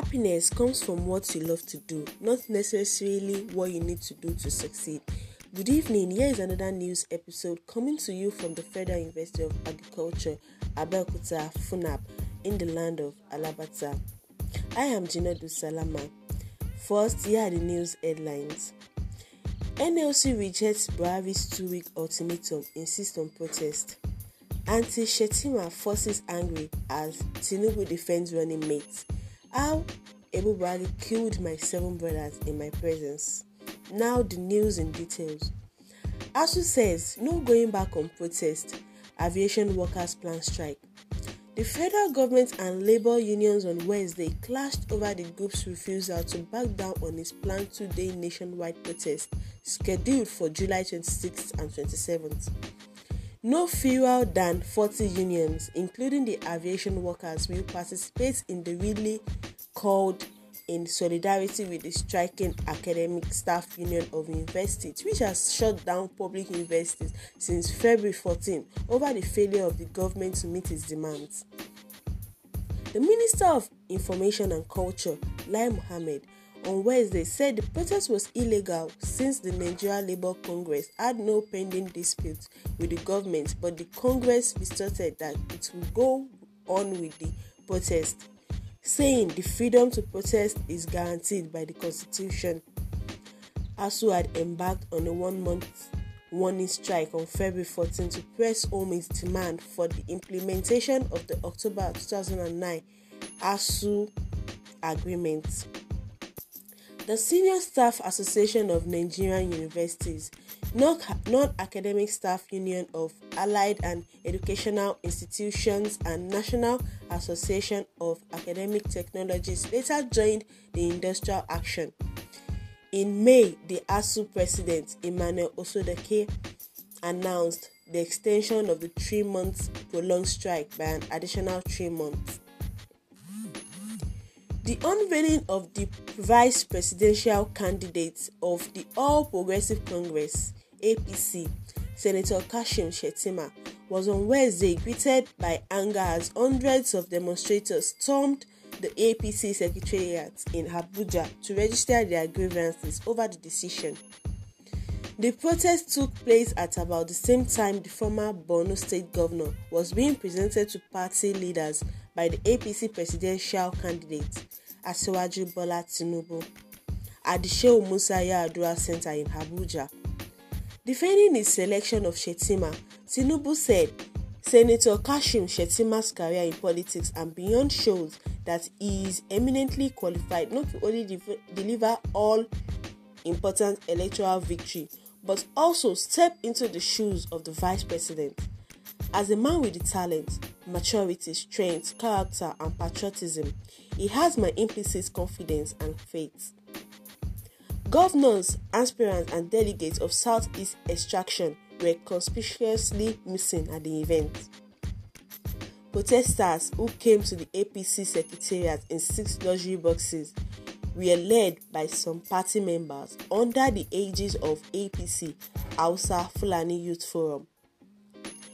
Happiness comes from what you love to do, not necessarily what you need to do to succeed. Good evening. Here is another news episode coming to you from the Federal University of Agriculture, Abeokuta, Funab, in the land of Alabata. I am Jinodu Salama. First, here are the news headlines. NLC rejects Buhari's two-week ultimatum, insists on protest. Anti-Shetima forces angry as Tinubu defends running mates. How Ebubali killed my seven brothers in my presence. Now the news in details. ASU says no going back on protest. Aviation workers plan strike. The federal government and labor unions on Wednesday clashed over the group's refusal to back down on its planned two day nationwide protest scheduled for July 26th and 27th. No fewer than 40 unions, including the aviation workers, will participate in the rally called in solidarity with the striking Academic Staff Union of Universities, which has shut down public universities since February 14 over the failure of the government to meet its demands. The Minister of Information and Culture, Lai Mohammed, on Wednesday said the protest was illegal since the Nigeria Labour Congress had no pending dispute with the government, but the Congress resorted that it will go on with the protest, saying the freedom to protest is guaranteed by the Constitution. ASU had embarked on a one month warning strike on February 14 to press home its demand for the implementation of the October 2009 ASU agreement. The Senior Staff Association of Nigerian Universities, Non Academic Staff Union of Allied and Educational Institutions, and National Association of Academic Technologies later joined the industrial action. In May, the ASU president, Emmanuel Osodeke, announced the extension of the three month prolonged strike by an additional three months. The unveiling of the vice presidential candidate of the All Progressive Congress (APC), Senator Kashim Shettima, was on Wednesday greeted by anger as hundreds of demonstrators stormed the APC secretariat in Abuja to register their grievances over the decision. The protest took place at about the same time the former Borno state governor was being presented to party leaders by the APC presidential candidate. Asiwaju Bola Tinubu at the Musa Yar'Adua Center in Abuja. Defending his selection of Shetima, Tinubu said Senator Kashim Shettima's career in politics and beyond shows that he is eminently qualified not to only de- deliver all important electoral victory but also step into the shoes of the vice president. As a man with the talent, maturity, strength, character, and patriotism. It has my implicit confidence and faith. Governors, aspirants, and delegates of Southeast extraction were conspicuously missing at the event. Protesters who came to the APC secretariat in six luxury boxes were led by some party members under the aegis of APC Hausa Fulani Youth Forum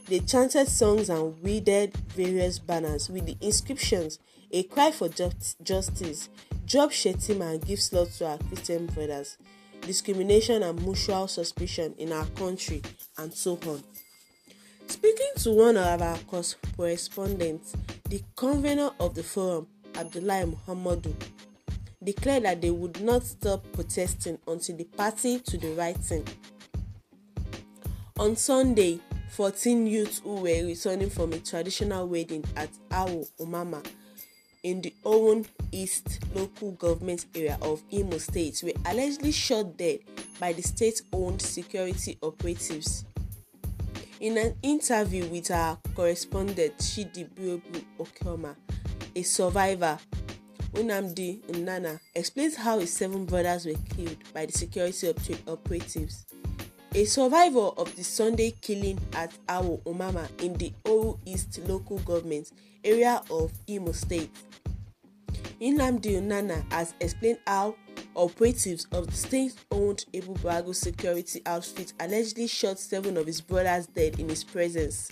they chanted songs and wielded various banners with the inscriptions A Cry for Justice, Job Shetima and Give Slot to Our Christian Brothers, Discrimination and Mutual Suspicion in Our Country, and so on. Speaking to one of our correspondents, the convener of the forum, Abdullahi Muhammadu, declared that they would not stop protesting until the party to the right thing. On Sunday, Fourteen youths who were returning from a traditional wedding at Awo Omama in the Owen East local government area of Imo State were allegedly shot dead by the state owned security operatives. In an interview with our correspondent Chidi Chidibuebu Okoma, a survivor, Unamdi Nana explains how his seven brothers were killed by the security operatives. A survivor of the Sunday killing at Awo Omama in the Owo East local government area of Imo State, Nnamdi Onana has explained how operatives of the state-owned Abu Bago security outfit allegedly shot seven of his brothers dead in his presence.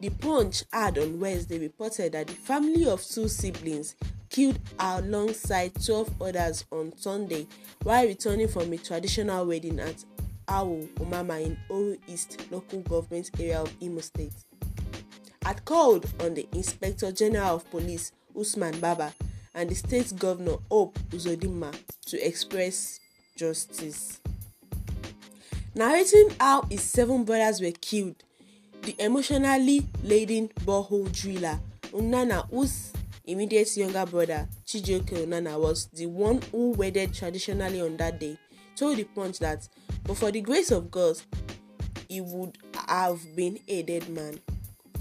The Punch had on Wednesday reported that the family of two siblings killed alongside 12 others on Sunday while returning from a traditional wedding at Awo Omama in Oru East local government area of Imo State had called on the Inspector General of Police Usman Baba and the state governor Hope Uzodinma to express justice. Narrating how his seven brothers were killed, the emotionally laden borehole driller Unana, whose immediate younger brother Chijoke Unana was the one who wedded traditionally on that day, told the Punch that But for the grace of God, he would have been a dead man.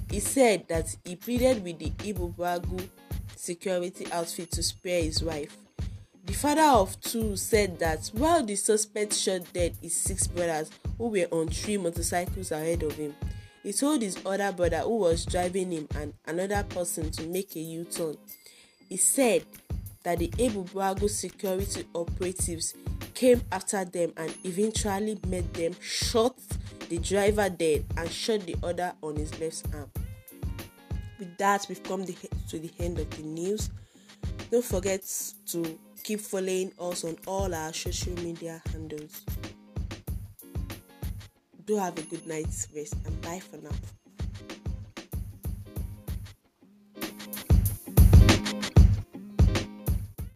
He said that he pleaded with the Ibobagu security outfit to spare his wife. The father of two said that while the suspect shot dead his six brothers who were on three motorcycles ahead of him, he told his other brother who was driving him and another person to make a U turn. He said that the Ebubago security operatives came after them and eventually met them, shot the driver dead, and shot the other on his left arm. With that, we've come the, to the end of the news. Don't forget to keep following us on all our social media handles. Do have a good night's rest and bye for now.